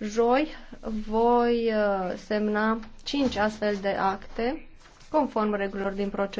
Joi voi uh, semna 5 astfel de acte conform regulilor din procedură.